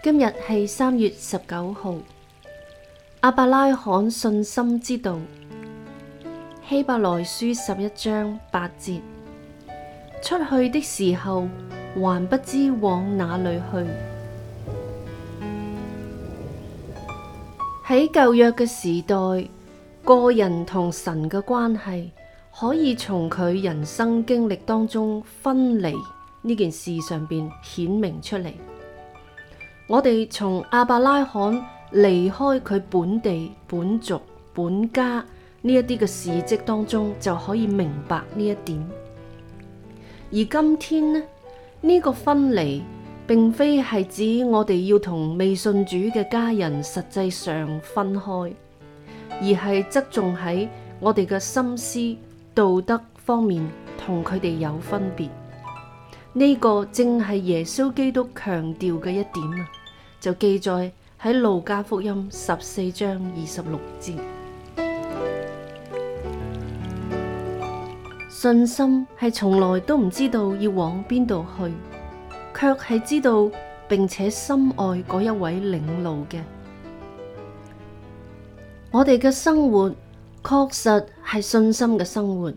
今日係三月十九號。阿伯拉罕信心之道，希伯來書十一章八節。出去的時候還不知往哪裏去。喺舊約嘅時代，個人同神嘅關係，可以從佢人生經歷當中分離呢件事上邊顯明出嚟。我哋從亞伯拉罕離開佢本地、本族、本家呢一啲嘅事蹟當中，就可以明白呢一點。而今天呢，呢個分離並非係指我哋要同未信主嘅家人實際上分開，而係側重喺我哋嘅心思道德方面同佢哋有分別。呢個正係耶穌基督強調嘅一點啊！就記載喺路加福音十四章二十六節。信心係從來都唔知道要往邊度去，卻係知道並且深愛嗰一位領路嘅。我哋嘅生活確實係信心嘅生活，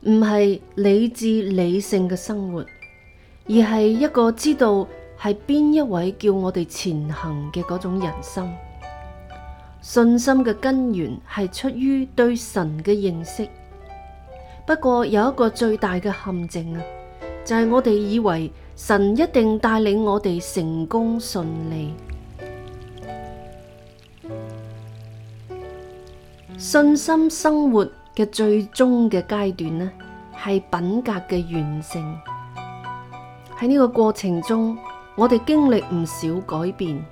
唔係理智理性嘅生活，而係一個知道。係邊一位叫我哋前行嘅，嗰種人生信心嘅根源，係出於對神嘅認識。不過有一個最大嘅陷阱啊，就係、是、我哋以為神一定帶領我哋成功順利。信心生活嘅最終嘅階段呢，係品格嘅完成。喺呢個過程中，我哋經歷唔少改變。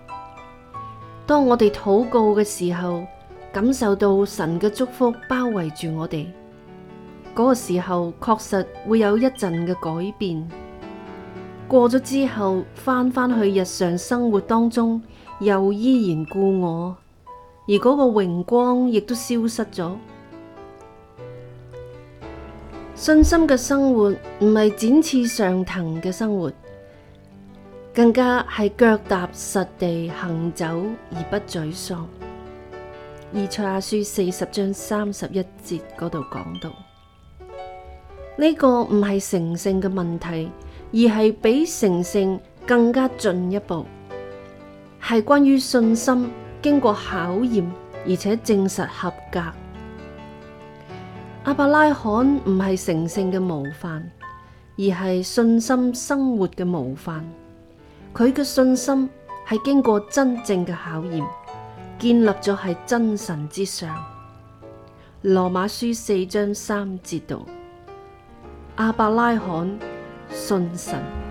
當我哋禱告嘅時候，感受到神嘅祝福包圍住我哋，嗰個時候確實會有一陣嘅改變。過咗之後，翻返去日常生活當中，又依然故我，而嗰個榮光亦都消失咗。信心嘅生活唔係展翅上騰嘅生活。更加係腳踏實地行走而不沮喪。《以賽亞書》四十章三十一節嗰度講到，呢、這個唔係成聖嘅問題，而係比成聖更加進一步，係關於信心經過考驗，而且證實合格。阿伯拉罕唔係成聖嘅模範，而係信心生活嘅模範。佢嘅信心係經過真正嘅考驗，建立咗喺真神之上。羅馬書四章三節度，阿伯拉罕信神。